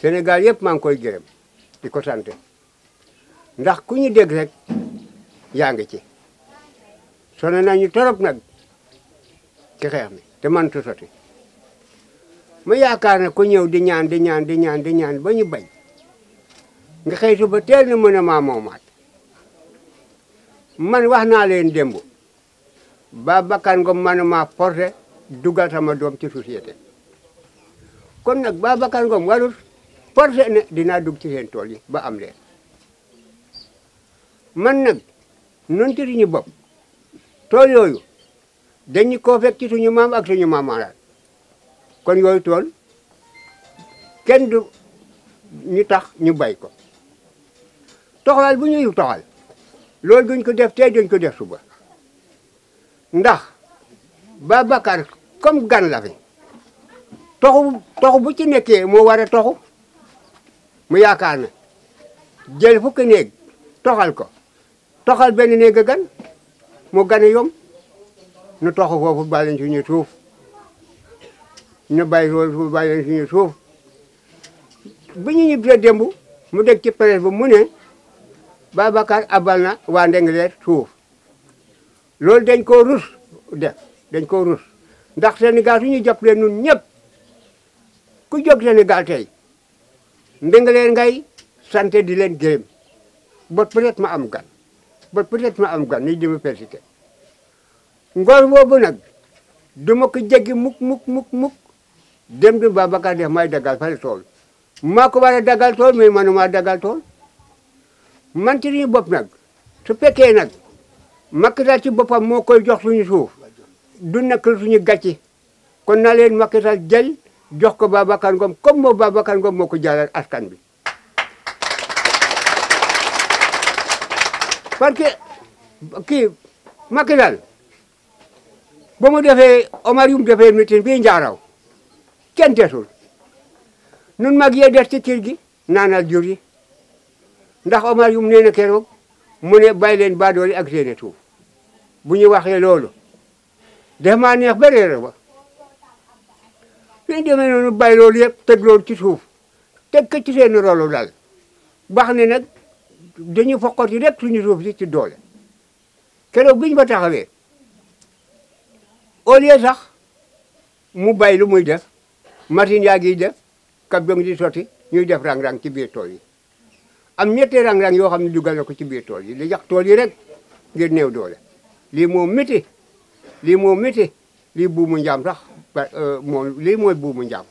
Sénégal yëpp maa ngi koy gërëm di ko sant ndax ku ñu dégg rek yaa ngi ci sonn nañu torop nag ci xeex mi te man tu soti ma yaakaar ne ku ñëw di ñaan di ñaan di ñaan di ñaan ba ñu bañ nga xëytu ba teel na mën a moomaat man wax naa leen démb ba bakkan nga mën a maa porté dugal sama doom ci société kon nag ba bakkan nga warul forcé ne dinaa dugg ci seen tool yi ba am leen man nag nun ci suñu bopp tool yooyu dañu koo fekk ci suñu maam ak suñu maamaanaat kon yooyu tool kenn du ñu tax ñu bay ko toxal bu ñuy toxal lool duñ ko def tee duñ ko def suba ndax Babacar comme gan la fi toxu toxu bu ci nekkee moo war a toxu mu yaakaar ne jël fukki néeg toxal ko toxal benn néeg a mu gan yom nu toxu foofu bàyyi leen suñu suuf ñu bàyyi foofu bàyyi suñu suuf bi ñu ñibbisee démb mu dégg ci presse bu mu ne Babacar abal na waa Ndingler suuf loolu dañ koo rus def dañ koo rus ndax Sénégal suñu jàpp leen ñun ñëpp ku jóg Sénégal tey ndingaleer ngay sant di leen gërëm ba peut ma am gan ba peut-être ma am gan ni di ma persité ngor boobu nag du ma ko jéggi mukk mukk mukk mukk dem di Babacar def may daggal fale tool maa ko war a daggal tool mais manumaa daggal tool man ci ñu bopp nag su fekkee nag Macky Sall ci boppam moo koy jox suñu suuf du lu suñu gàcci kon na leen Macky Sall jox ko Babacar Ngom comme moom Babacar Ngom moo ko jàllal askan bi parce que kii Macky daal ba mu defee Omar yu mu defee mitin bii njaaraw kenn desul nun mag yee des ci kër gi naanal jur yi ndax Omar yum mu keroog mu ne bàyyi leen baadoole ak seen tuuf bu ñu waxee loolu def maa neex ba réer yooyu demee noonu bàyyi loolu yëpp teg ci suuf teg ko ci seen rolu dal wax ne nag dañu fokkati rek suñu suuf si ci doole kere bi ñu fa taxawee au lieu sax mu bàyyi lu muy def machine yaa gii def camion di sotti ñuy def rang-rang ci biir tool yi am ñetti rang-rang yoo xam ne dugal na ko ci biir tool yi di yàq tool yi rek ngir néew doole lii moo métti lii moo métti lii buumu njaam sax Euh, moom lii mooy buubu njaam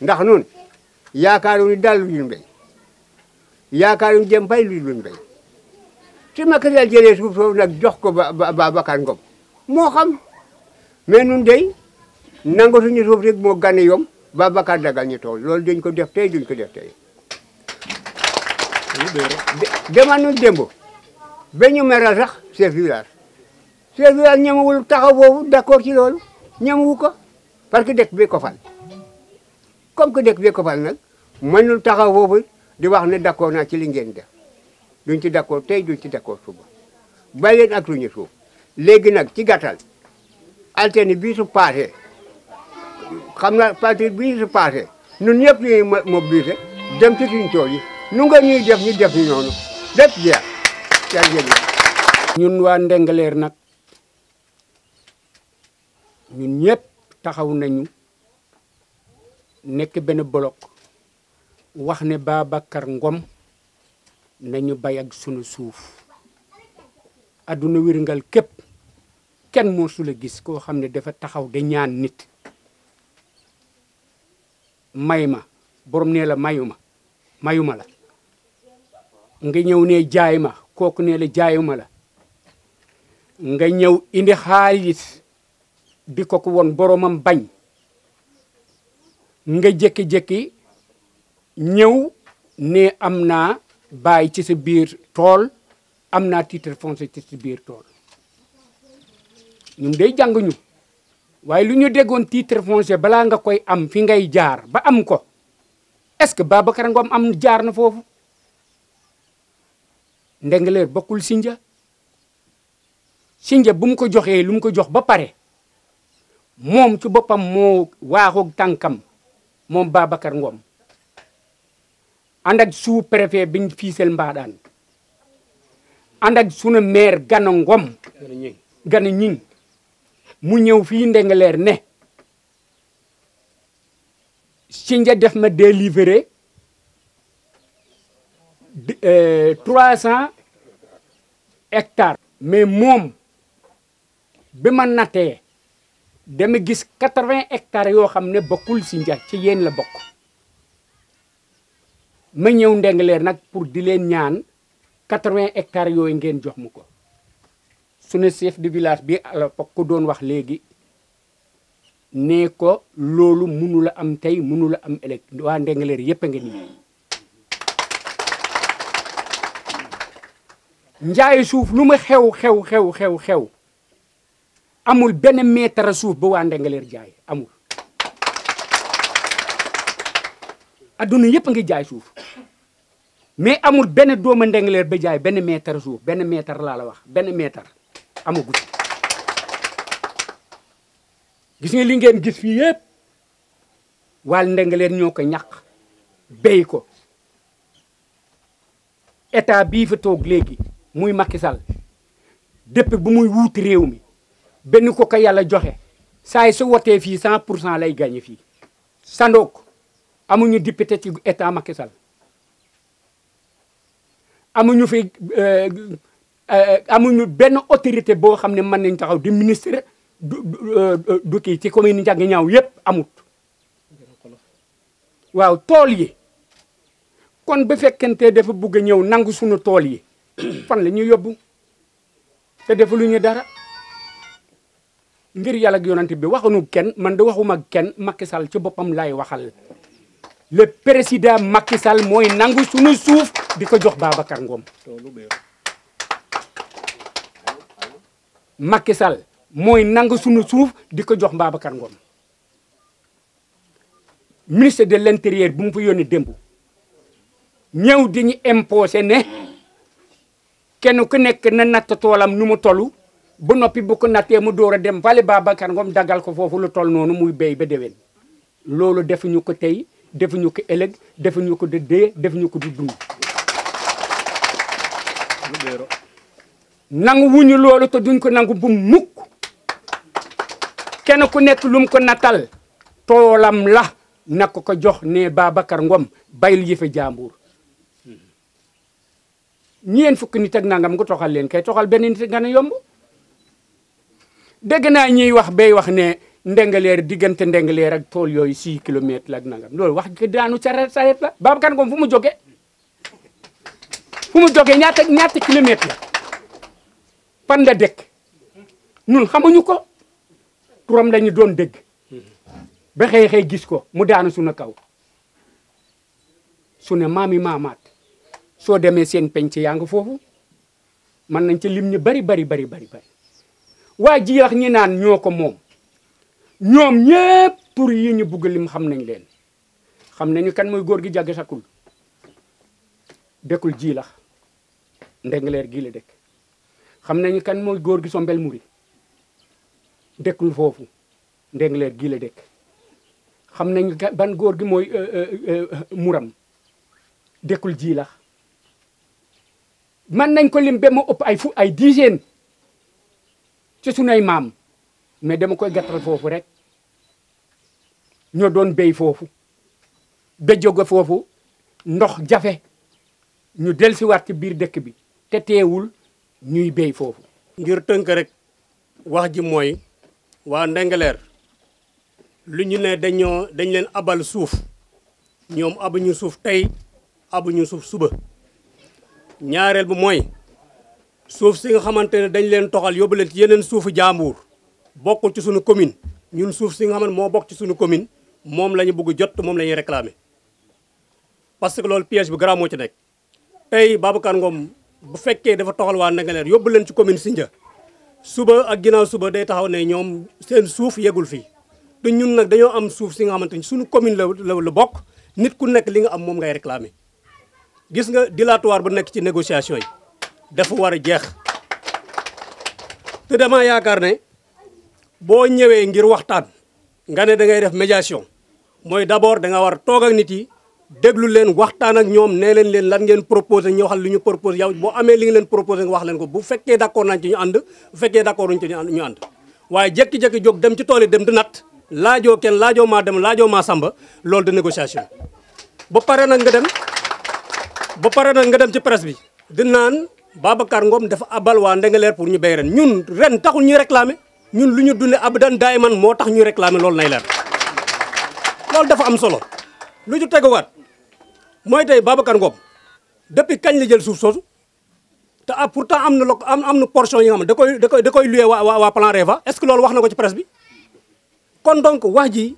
ndax nun yaakaaruñu dal luñu mbéy yaakaaruñu jëm bay luñu mbéy si Macky jëlee suuf soofu nag jox ko ba Babacar Ngom moo xam mais nun dey nangu suñu suuf rek moo gane yom Babacar dagal ñu tool loolu duñ ko def tey duñ ko def tey dema nun démb ba ñu meral sax chef village chef village ñemewul taxaw boobu d'accord ci loolu ñemewu ko parce que dëkk bee ko fal que dëkk bee ko nag mënul taxaw boobu di wax ne d'accord naa ci li ngeen def duñ ci d'accord tey duñ ci d'accord suba bàyyi leen ak lu suuf léegi nag ci gàttal altine bii su passé xam na parti bii su passé ñun ñëpp ñuy mobiliser dem ci suñu tool yi nu nga ñuy def ñu def ñu noonu def jeex ñun waa Ndingler nag ñun ñëpp taxaw nañu nekk benn bloc wax ne Babacar Ngom nañu bay ak sunu suuf adduna wirngal képp kenn moosu la gis koo xam ne dafa taxaw de ñaan nit may ma borom nee la mayu ma mayuma la nga ñëw ne jaay ma kooku nee la jaayuma la nga ñëw indi xaalis bi ko ko woon boroomam bañ nga jékki-jékki ñëw ne am naa bàyyi ci sa biir tool am naa titre foncier ci biir tool ñun day jàng ñu waaye lu ñu déggoon titre foncier balaa nga koy am fi ngay jaar ba am ko est-ce que Babacar am jaar na foofu Ndingler bokkul Sinja Sinja bu mu ko joxee lu mu ko jox ba pare moom ci boppam moo waaxoog tànkam moom Babacar Ngom ànd suu sous préfet biñ fiisel mbaadaan ànd ak sunu Gana Ngom Gana Ñing mu ñëw fii Ndingler ne Sindia def ma délivrer euh, trois cent hectares mais moom bi ma nattee dama gis 80 hectares yoo xam ne bokkul si nja ci yéen la bokk ma ñëw leer nag pour di leen ñaan 80 hectares yooyu ngeen jox mu ko sunu chef de village bi ala l'époque ko doon wax léegi ne ko loolu mënu la am tey mënu la am elek waa ndengaleer yépp a nga ni heu. suuf lu ma xew xew xew xew xew amul benn meetar suuf ba waa Ndengaleer jaay amul adduna yëpp ngi jaay suuf mais amul benn doomu Ndengaleer ba jaay benn meetar suuf benn meetar laa la wax benn meetar amagu ci gis nga li ngeen gis fii yëpp waa Ndengaleer ñoo ko ñàq béy ko état bii fa toog léegi muy Macky dëpp bu muy wuuti réew mi benn ko ko yàlla joxe saa yi su wotee fii 100 pour cent lay gagné fii Sandoog amuñu député ci état Macky Sall amuñu fi euh, euh, amuñu benn autorité boo xam ne mën nañ taxaw di ministre du du euh, kii ci commune Ndiaga ñaaw yëpp amut waaw tool yi kon ba fekkente dafa bugg a ñëw nangu suñu tool yi fan la ñuy yóbbu te dara ngir yalla ak yonent bi waxuñu ken man da waxuma ken Macky Sall ci bopam lay waxal le président Macky Sall moy nangu sunu suuf di ko jox Babacar Ngom Macky Sall moy nangu sunu suuf di ko jox Babacar Ngom ministre de l'intérieur bu mu fa yoni dembu ñew diñu imposer imposé ne kenn ku nek na nat tolam numu bu noppi bu ko nattee mu door a dem vale Babacar Ngom dagal ko foofu lu toll noonu muy béy ba déwén loolu defuñu ko tey defuñu ko ëllëg defuñu ko du dee defuñu ko du dund nangu wuñu loolu te duñ ko nangu bu mukk kenn ku nekk lum ko nattal toolam la na ko ko jox ne Babacar Ngom bayil yëfe jàmbur ñeen fukki nit ak nangam nga toxal leen kay toxal benn nit nga ne yomb dégg naa ñuy wax bay wax ne ndengaleer diggante ndengaleer ak tool yooyu 6 kilomètres la ak nangam loolu wax dëgg daanu sareet sareet la Babacar Ngom fu mu jógee fu mu jógee ñaata ñaata kilomètres la fan la dëkk ñun xamuñu ko turam la ñu doon dégg ba xëy xëy gis ko mu daanu sunu kaw su ne maam yi maamaat soo demee seen penc yaa nga foofu mën nañ ci lim ñu bari bari bari bari bari waa jiyaax ñi naan ñoo ko moom ñoom ñëpp pour yi ñu bugg lim xam nañ leen xam nañu kan mooy góor gi jàgg sakul dëkkul jilax ndengleer gii la dëkk xam nañu kan mooy góor gi sombel muri dëkkul foofu ndengleer gii la dëkk xam nañu ban góor gi mooy euh, euh, euh, muram dëkkul jilax man nañ ko lim be mu ëpp ay fu ay dizaine ci sunay maam mais dama koy gàttal foofu rek ñoo doon béy foofu ba jóge foofu ndox jafe ñu dellusiwaat ci biir dëkk bi te teewul ñuy béy foofu. ngir tënk rek wax ji mooy waa Ndengeleer lu ñu ne dañoo dañ leen abal suuf ñoom abuñu suuf tey abuñu suuf suba ñaareel bu mooy. suuf si nga xamante ne dañ leen toxal yóbbu leen ci yeneen suufu jaambur bokkul ci suñu commune ñun suuf si nga xam ne moo bokk ci suñu commune moom la ñu bëgg jot moom la ñuy réclamer parce que loolu piège bi garaaw moo ci nekk tey Babacar Ngom bu fekkee dafa toxal waa Ndingler yóbbu leen ci commune Sindia suba ak ginnaaw suba day taxaw ne ñoom seen suuf yegul fii te ñun nag dañoo am suuf si nga xamante ni suñu commune la la bokk nit ku nekk li nga am moom ngay réclamer gis nga dilatoire bu nekk ci négociation yi dafa wara jeex te dama yaakar ne bo ñëwee ngir waxtaan nga ne da ngay def médiation moy d'abord da nga war tok ak nit yi déglu leen waxtaan ak ñoom nee leen leen lan ngeen proposer ñu waxal lu ñu proposé yow bo amé li nga leen proposer nga wax leen ko bu fekké d'accord nañ ci ñu and bu fekké d'accord ñu ci ñu and waye jekki jekki jog dem ci tool dem du nat lajo ken lajo ma dem lajo ma samba loolu de négociation ba paré nak nga dem ba paré nak nga dem ci presse bi di nan babakar Ngom dafa abal wa ndengaler pour ñu bay ren ñun ren taxul ñu réclamer ñun luñu abdan abadan mo tax ñu réclamer lool nay leer lool dafa am solo lu ñu wat moy tay babakar Ngom depuis kañ la jël suuf soosu ta ah, pourtant am na am am portion yi nga xam da koy da koy da koy luye wa wa Plan Reva est-ce que loolu wax na ko ci presse bi kon donc wax ji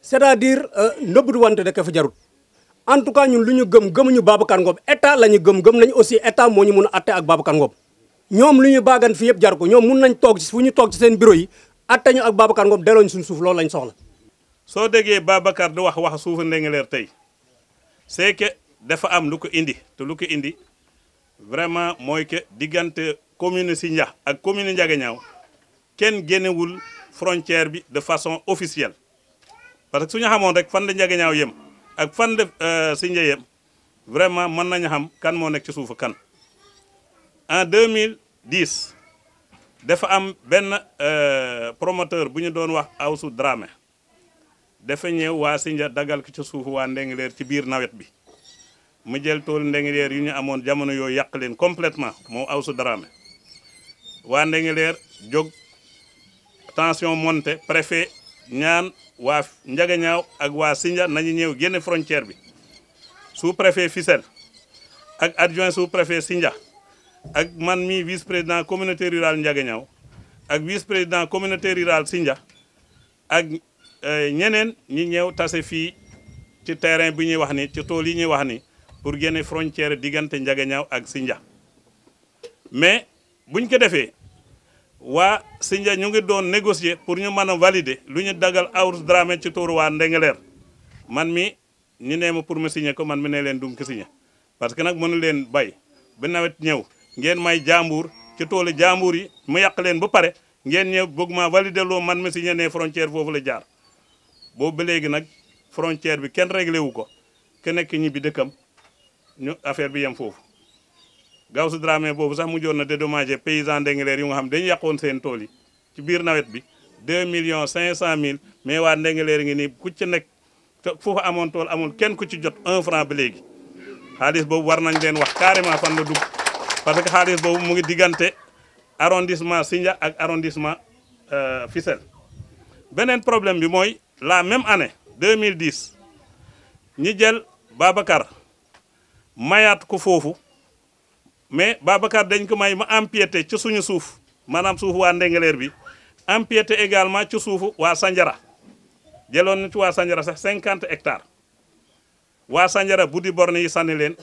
c'est-à-dire euh, wante da ka fa jarut. en tout cas ñun lu ñu gëm gëmuñu Babacar Ngom état la gëm gëm nañ aussi état moo ñu mun a ak Babacar Ngom ñoom lu ñu baagan fii yëpp jar ko ñoom mun nañ toog si fu ñu toog ci seen bureau yi atte ñu ak Babacar Ngom dellooñ suñu suuf loolu lañ soxla soo déggee Babacar di wax wax suufa Ndingler tey c'est que dafa am lu ko indi te lu ko indi vraiment mooy que diggante commune si Sindia ak commune Ndiaganiao kenn génnewul frontière bi de façon officielle parce que su xamoon rek fan la Ndiaganiao yem ak fan def euh, seigne njëyam vraiment man nañ xam kan mo nek ci suufu kan en 2010 dafa am ben euh promoteur bu ñu doon wax Awsu drame dafa ñew wa seigne dagal ko ci suufu ndeng leer ci biir nawet bi mu jël ndeng leer yu ñu amone jamono yo yak leen complètement mo Awsu wa ndeng leer jog tension monter préfet ñaan waa Njagañaaw ak waa Sinja nañu ñëw génne frontière bi sous-préfet Fissel ak adjoint sous-préfet Sinja ak man mi vice-président communauté rurale Njagañaaw ak vice-président communauté rurale Sinja ak euh, ñeneen ñi ñëw tase fii ci terrain bi ñuy wax ni ci tool yi ñuy wax ni pour génne frontière diggante Njagañaaw ak Sinja mais buñ ko defee waa Sindia ñu ngi doon négocier pour ñu mën a valider lu ñu dagal Aouz Dramé ci tuuru waa Ndengeleer man mi ñu nee ma pour ma signer ko man mi ne leen dum ko signer parce que nag mënu leen bay ba nawet ñëw ngeen may jàmbur ci toolu jàmbur yi mu yàq leen ba pare ngeen ñëw bëgg ma valider loo man mi signer ne frontière foofu la jaar boobu ba léegi nag frontière bi kenn réglé wu ko kenn nekk ñibbi dëkkam ñu affaire bi yem foofu Gawsu Dramé bobu sax na ont paysan dédommagés yu nga xam dañ seen tool ci nawet bi 2 millions 500 000 mais waa ngi ni ku ci fu fa amul kenn ku ci jot 1 franc ba léegi xaalis war nañ wax carrément parce que xaalis boobu mu ngi arrondissement Sindia ak arrondissement euh, Fissel problème bi la même année 2010 ñi jël Babacar mayaat mais Babacar dañ ko may ma empiété ci suñu souf manam souf wa ndengaler bi empiété également ci suufu wa Sanjara jëloon na ci wa Sanjara sax 50 hectares wa Sanjara budi di borne yi sanni len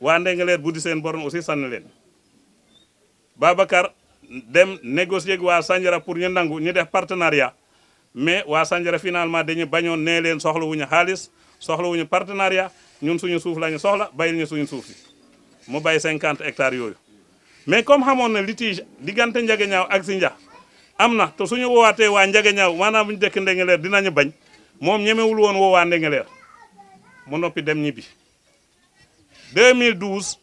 wa ndengaler budi sen borne aussi sanni len Babacar dem négocier ak waa Sanjara pour ñu nangu ñu def partenariat mais wa Sanjara finalement dañu len soxlu wuñu xaliss soxlu wuñu partenariat ñun suñu souf la soxla bayil ñu suñu souf mu bay cinquante hectares yooyu mais comme xamoon na litige diggante Ndiaganiao ak Sindia am na te suñu woowaatee waa Ndiaganiao maanaam bu ñu dëkk Ndingler dinañu bañ moom ñemewul woon woowaa Ndingler mu noppi dem ñibbi 2012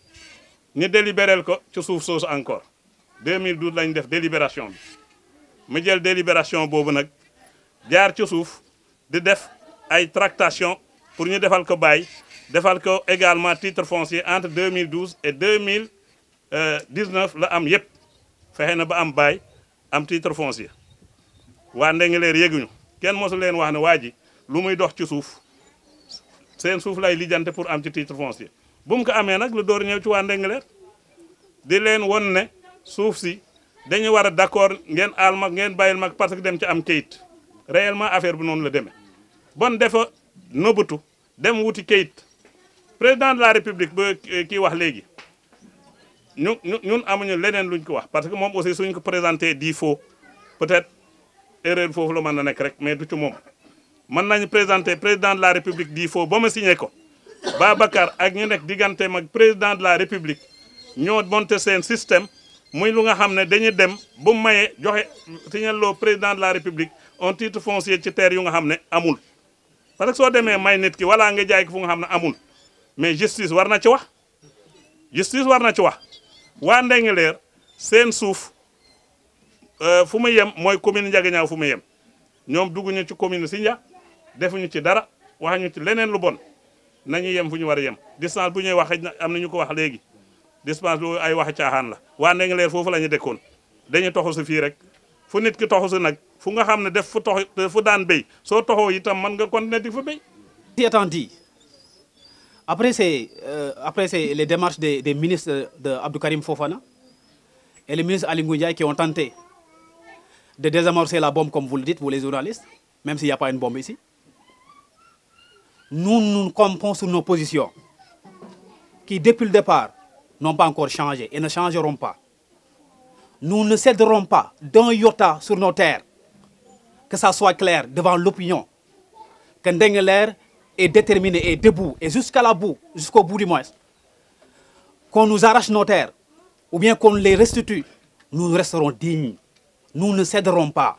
ñu délibérel ko ci suuf soosu encore 2012 lañ def délibération bi mu jël délibération boobu nag jaar ca suuf di def ay tractation pour ñu defal ko baay defal ko également titre foncier entre 2012 et 2019 la am yëpp fexe na ba am bay am titre foncier waa Ndingler yeguñu ken mosul len wax ne waji ji lu muy dox ci souf sen souf lay lijjante pour am ci titre foncier bu ko amé nak le dor ñew ci waa Ndingler di len won ne si dañu wara d'accord ngén al mak ngén bayil mak parce que dem ci am kayit réellement affaire bi non la démé bon dafa nobutu dem wuti kayit président de la république ba eh, kii wax léegi ñu ñu ñun amuñu leneen luñ ko wax parce que moom aussi suñ ko présenté di faux peut-être erreur foofu la mën na nekk rek mais du ci moom mën nañu présenté président de la république di faux ba ma signé ko Babacar ak ñu nekk digganteem ak président de la république ñoo monté seen système muy lu nga xam ne dañuy dem bu maye joxe signaloo président de la république un titre foncier ci terre yu nga xam ne amul parce que soo demee may nit ki wala nga jaay ko fu nga xam ne amul mais justice war na ci wax justice war na ci wax waa Ndingler seen suuf euh, fu mu yem mooy commune Ndiaganiao fu mu yem ñoom dugguñu ci commune si Sindia defuñu ci dara ñu ci leneen lu bon nañu yem fu ñu war a yem distance bu ñuy wax am na ñu ko wax léegi distance lu ay wax caaxaan la waa Ndingler foofu la ñu dëkkoon dañu toxu si fii rek fu nit ki toxu si nag fu nga xam ne def fu tox fu daan béy soo toxoo itam mën nga continuer di fa béy. Après, euh, les démarches des, ministres de Karim Fofana et les ministres Ali qui ont tenté de désamorcer la bombe, comme vous le dites, vous les journalistes, même s'il n'y a pas une bombe ici. Nous, nous comptons sur nos positions qui, depuis le départ, n'ont pas encore changé et ne changeront pas. Nous ne céderons pas d'un iota sur nos terres, que ça soit clair devant l'opinion, que Ndengler et déterminé, et debout et jusqu'à la bout, jusqu'au bout du moins, qu'on nous arrache nos terres ou bien qu'on les restitue, nous resterons dignes. Nous ne céderons pas.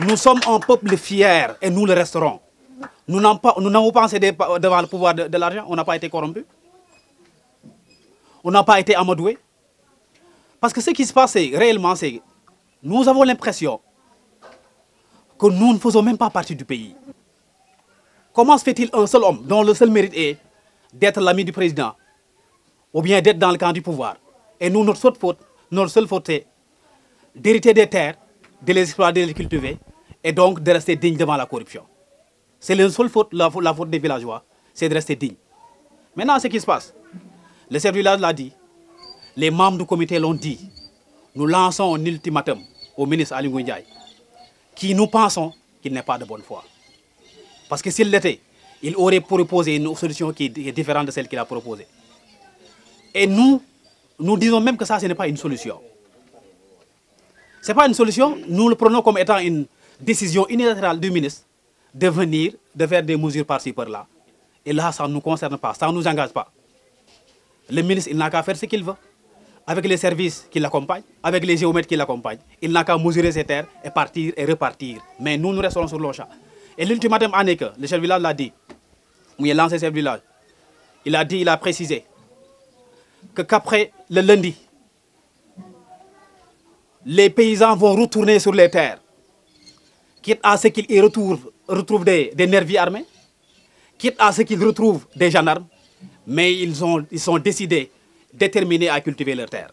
Nous sommes un peuple fier et nous le resterons. Nous n'avons pas, nous pas cédé devant le pouvoir de, de l'argent, on n'a pas été corrompu. On n'a pas été amadoué. Parce que ce qui se passe réellement, c'est nous avons l'impression que nous ne faisons même pas partie du pays. Comment se fait-il un seul homme dont le seul mérite est d'être l'ami du président ou bien d'être dans le camp du pouvoir Et nous, notre seule faute, notre seule faute est d'hériter des terres, de les exploiter, de les cultiver et donc de rester dignes devant la corruption. C'est la seule faute, la, faute des villageois, c'est de rester dignes. Maintenant, ce qui se passe, le chef du village l'a dit, les membres du comité l'ont dit, nous lançons un ultimatum au ministre Ali Ndiaye qui nous pensons qu'il n'est pas de bonne foi. Parce que s'il l'était, il aurait proposé une solution qui est différente de celle qu'il a proposée. Et nous, nous disons même que ça, ce n'est pas une solution. Ce n'est pas une solution, nous le prenons comme étant une décision unilatérale du ministre de venir, de faire des mesures par-ci, par-là. Et là, ça ne nous concerne pas, ça ne nous engage pas. Le ministre, il n'a qu'à faire ce qu'il veut avec les services qui l'accompagnent, avec les géomètres qui l'accompagnent. Il n'a qu'à mesurer ses terres et partir et repartir. Mais nous, nous resterons sur l'Ocha. Et l'ultimatum année que le chef village l'a dit, où il a lancé ce village, il a dit, il a précisé que qu'après le lundi, les paysans vont retourner sur les terres, quitte à ce qu'ils y retrouvent, des, des nervis armés, quitte à ce qu'ils retrouvent des gendarmes, mais ils, ont, ils sont décidés déterminés à cultiver leur terre.